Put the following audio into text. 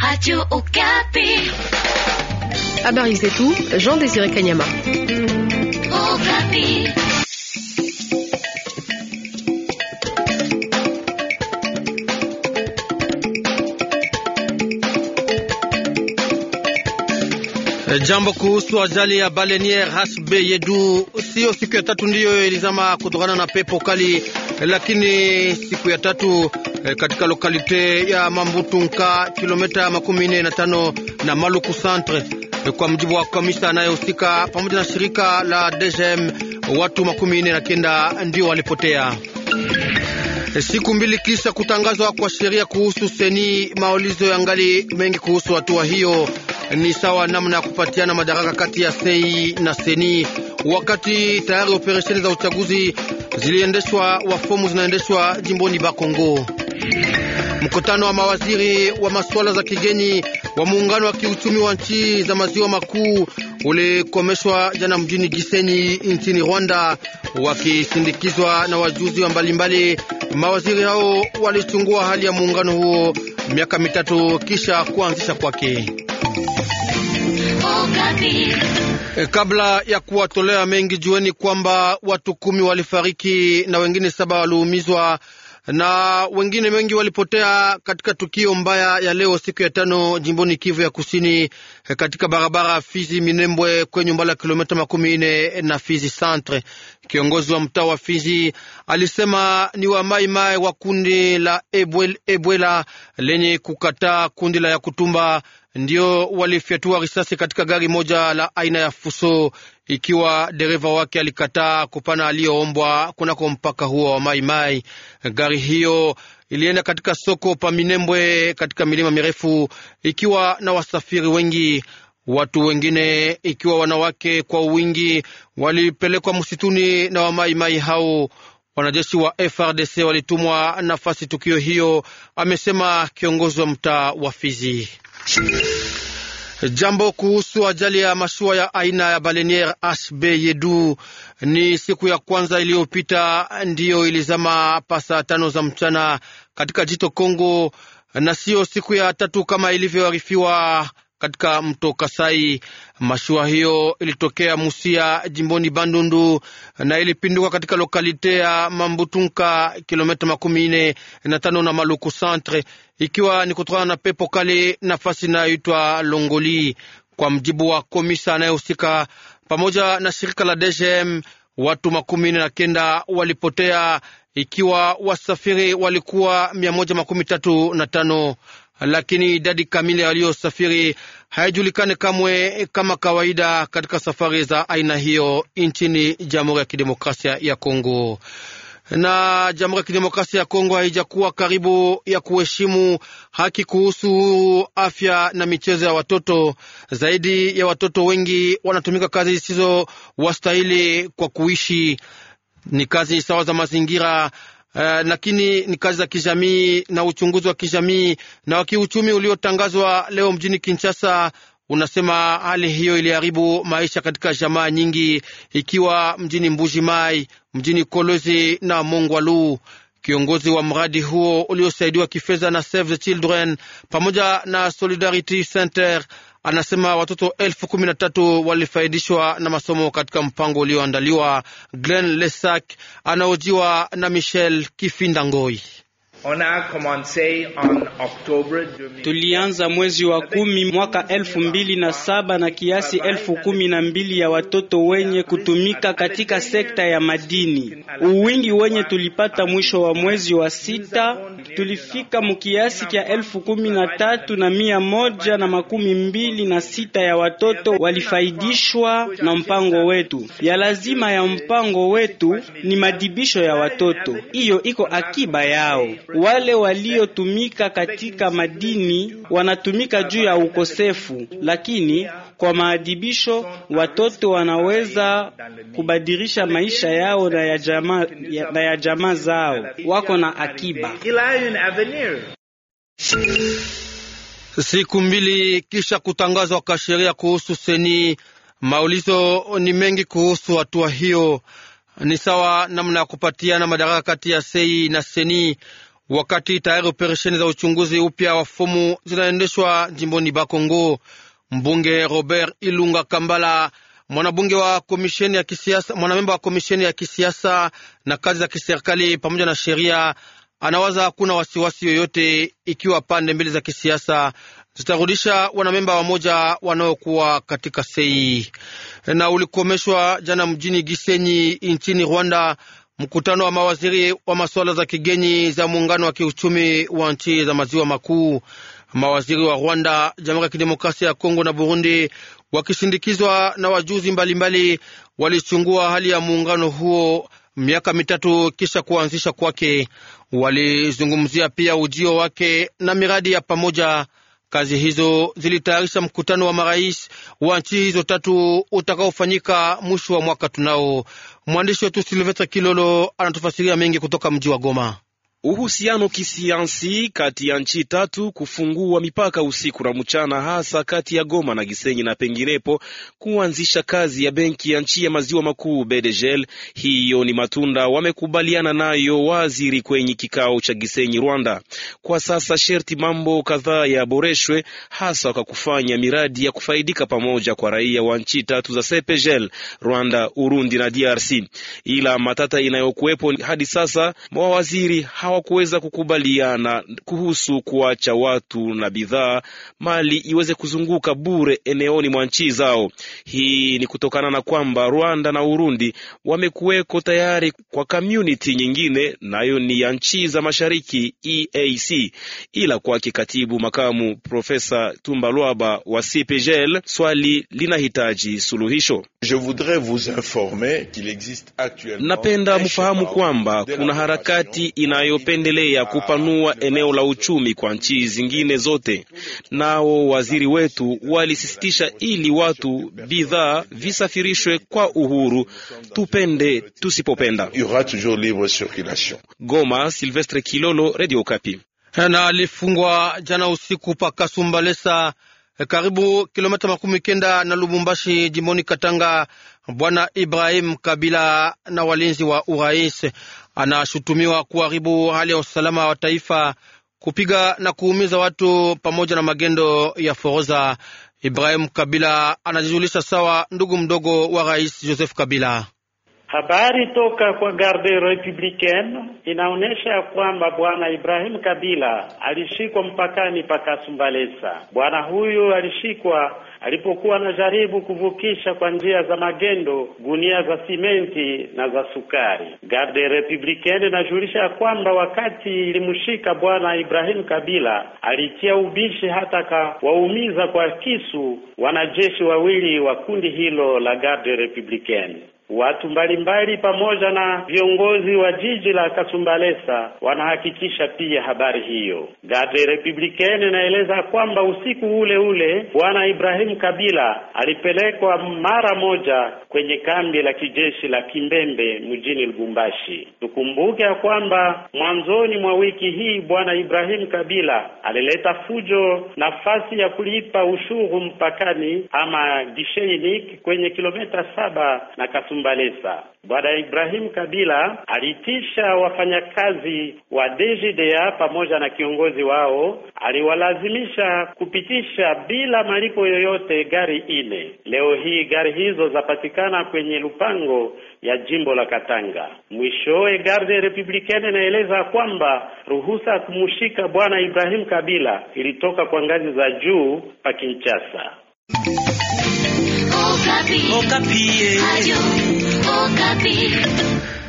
Radio Okapi. c'est tout, Jean Désiré Kanyama. Okapi. Jambo kuhusu ajali ya balenier HB Yedu, siyo siku ya tatu ndiyo ilizama kutokana na pepo kali, lakini siku ya tatu e, katika lokalite ya Mambutunka kilomita ya makumi nne na tano na Maluku centre e, kwa mjibu wa kamisa anayehusika pamoja na shirika la DGM watu makumi nne na kenda ndio walipotea. Eh, siku mbili kisha kutangazwa kwa sheria kuhusu seni, maulizo yangali mengi kuhusu hatua hiyo, ni sawa namna ya kupatiana madaraka kati ya sei na seni, wakati tayari operesheni za uchaguzi ziliendeshwa, wafomu zinaendeshwa jimboni Bakongo. Mkutano wa mawaziri wa masuala za kigeni wa muungano wa kiuchumi wa nchi za maziwa makuu ulikomeshwa jana mjini Gisenyi nchini Rwanda, wakisindikizwa na wajuzi wa mbalimbali. Mawaziri hao walichungua hali ya muungano huo miaka mitatu kisha kuanzisha kwake. E, kabla ya kuwatolea mengi, jueni kwamba watu kumi walifariki na wengine saba waliumizwa na wengine wengi walipotea katika tukio mbaya ya leo siku ya tano jimboni Kivu ya Kusini, katika barabara Fizi Minembwe kwenye umbali wa kilomita makumi ine na Fizi Centre. Kiongozi wa mtaa wa Fizi alisema ni wa wa kundi la Ebwel, Ebwela lenye kukataa kundi la Yakutumba ndio walifyatua risasi katika gari moja la aina ya Fuso ikiwa dereva wake alikataa kupana aliyoombwa kunako mpaka huo wa Mai. Gari hiyo ilienda katika soko pa Minembwe katika milima mirefu ikiwa na wasafiri wengi. Watu wengine ikiwa wanawake kwa wingi walipelekwa msituni na wamaimai hao. Wanajeshi wa FRDC walitumwa nafasi tukio hiyo, amesema kiongozi wa mtaa wa Fizi. Jambo kuhusu ajali ya mashua ya aina ya baleniere HB Yedu ni siku ya kwanza iliyopita ndiyo ilizama pasa saa tano za mchana katika jito Kongo, na siyo siku ya tatu kama ilivyoarifiwa katika mto Kasai. Mashua hiyo ilitokea Musia jimboni Bandundu na ilipinduka katika lokalite ya Mambutunka, kilomita makumi nne na tano na Maluku centre, ikiwa ni kutokana na pepo kali, nafasi inayoitwa Longoli. Kwa mjibu wa komisa anayehusika pamoja na shirika la DGM, watu makumi nne na kenda walipotea, ikiwa wasafiri walikuwa mia moja makumi tatu na tano lakini idadi kamili waliosafiri haijulikani kamwe, kama kawaida katika safari za aina hiyo nchini Jamhuri ya Kidemokrasia ya Kongo. Na Jamhuri ya Kidemokrasia ya Kongo haijakuwa karibu ya kuheshimu haki kuhusu uhuru, afya na michezo ya watoto. Zaidi ya watoto wengi wanatumika kazi zisizo wastahili kwa kuishi, ni kazi sawa za mazingira Eh, lakini ni kazi za kijamii na uchunguzi wa kijamii na wa kiuchumi uliotangazwa leo mjini Kinshasa unasema hali hiyo iliharibu maisha katika jamaa nyingi, ikiwa mjini Mbuji Mai, mjini Kolozi na Mongwalu. Kiongozi wa mradi huo uliosaidiwa kifedha na Save the Children pamoja na Solidarity Center Anasema watoto elfu kumi na tatu walifaidishwa na masomo katika mpango ulioandaliwa. Glen Lesak anaojiwa na Michel kifindangoi Tulianza mwezi wa kumi mwaka elfu mbili na saba na kiasi elfu kumi na mbili ya watoto wenye kutumika katika sekta ya madini. Uwingi wenye tulipata mwisho wa mwezi wa sita tulifika mukiasi kya elfu kumi na tatu na mia moja na makumi mbili na sita ya watoto walifaidishwa na mpango wetu. Ya lazima ya mpango wetu ni madibisho ya watoto, hiyo iko akiba yao. Wale waliotumika katika madini wanatumika juu ya ukosefu, lakini kwa maadibisho watoto wanaweza kubadilisha maisha yao na ya jamaa, na ya jamaa zao. Wako na akiba. Siku mbili kisha kutangazwa kwa sheria kuhusu seni, maulizo ni mengi kuhusu hatua hiyo. Ni sawa namna ya kupatiana madaraka kati ya sei na seni wakati tayari operesheni za uchunguzi upya wa fomu zinaendeshwa jimboni Bakongo. Mbunge Robert Ilunga Kambala, mwanabunge wa komisheni ya kisiasa, mwanamemba wa komisheni ya kisiasa na kazi za kiserikali pamoja na sheria, anawaza hakuna wasiwasi yoyote ikiwa pande mbili za kisiasa zitarudisha wanamemba wamoja wanaokuwa katika sei. Na ulikomeshwa jana mjini Gisenyi nchini Rwanda Mkutano wa mawaziri wa masuala za kigeni za muungano wa kiuchumi wa nchi za maziwa makuu, mawaziri wa Rwanda, Jamhuri ya Kidemokrasia ya Kongo na Burundi wakishindikizwa na wajuzi mbalimbali walichungua hali ya muungano huo miaka mitatu kisha kuanzisha kwake. Walizungumzia pia ujio wake na miradi ya pamoja Kazi hizo zilitayarisha mkutano wa marais wa nchi hizo tatu utakaofanyika mwisho wa mwaka tunao. Mwandishi wetu Silvestre Kilolo anatufasiria mengi kutoka mji wa Goma uhusiano kisiansi kati ya nchi tatu, kufungua mipaka usiku na mchana, hasa kati ya Goma na Gisenyi na penginepo, kuanzisha kazi ya benki ya nchi ya maziwa makuu BDGL. Hiyo ni matunda wamekubaliana nayo waziri kwenye kikao cha Gisenyi, Rwanda. Kwa sasa sherti mambo kadhaa yaboreshwe, hasa kwa kufanya miradi ya kufaidika pamoja kwa raia wa nchi tatu za cpgl Rwanda, Urundi na DRC. Ila matata inayokuwepo hadi sasa mawaziri hawakuweza kukubaliana kuhusu kuacha watu na bidhaa mali iweze kuzunguka bure eneoni mwa nchi zao. Hii ni kutokana na kwamba Rwanda na Urundi wamekuweko tayari kwa community nyingine, nayo ni ya nchi za mashariki EAC. Ila kwake katibu makamu Profesa Tumba Lwaba wa CPGL, swali linahitaji suluhisho. Je voudrais vous informer qu'il existe actuellement, napenda mfahamu kwamba kuna harakati inayo inayopendelea kupanua eneo la uchumi kwa nchi zingine zote. Nao waziri wetu walisisitisha ili watu, bidhaa visafirishwe kwa uhuru, tupende tusipopenda. Goma, Silvestre Kilolo, Radio Kapi. Na alifungwa jana usiku pa Kasumbalesa karibu kilomita makumi kenda na Lubumbashi jimboni Katanga, Bwana Ibrahim Kabila na walinzi wa urais anashutumiwa kuharibu hali ya usalama wa taifa, kupiga na kuumiza watu pamoja na magendo ya foroza. Ibrahim Kabila anajijulisha sawa ndugu mdogo wa rais Joseph Kabila. Habari toka kwa Garde Republicaine inaonyesha ya kwamba bwana Ibrahim Kabila alishikwa mpakani pa Kasumbalesa. Bwana huyu alishikwa alipokuwa anajaribu kuvukisha kwa njia za magendo gunia za simenti na za sukari. Garde Republicaine inajulisha ya kwamba wakati ilimshika bwana Ibrahim Kabila alitia ubishi hata kawaumiza kwa kisu wanajeshi wawili wa kundi hilo la Garde Republicaine. Watu mbalimbali pamoja na viongozi wa jiji la Kasumbalesa wanahakikisha pia habari hiyo. Gazeti Republican inaeleza kwamba usiku ule ule Bwana Ibrahim Kabila alipelekwa mara moja kwenye kambi la kijeshi la Kimbembe mjini Lubumbashi. Tukumbuke ya kwamba mwanzoni mwa wiki hii Bwana Ibrahim Kabila alileta fujo nafasi ya kulipa ushuru mpakani ama gishe kwenye kilomita saba na Kasumbalesa Mbalesa. Bwana Ibrahim Kabila alitisha wafanyakazi wa DGDA pamoja na kiongozi wao, aliwalazimisha kupitisha bila malipo yoyote gari ine. Leo hii gari hizo zapatikana kwenye lupango ya jimbo la Katanga. Mwishowe, Garde Republicaine inaeleza kwamba ruhusa ya kumshika Bwana Ibrahim Kabila ilitoka kwa ngazi za juu pa Kinshasa. Eh. nunca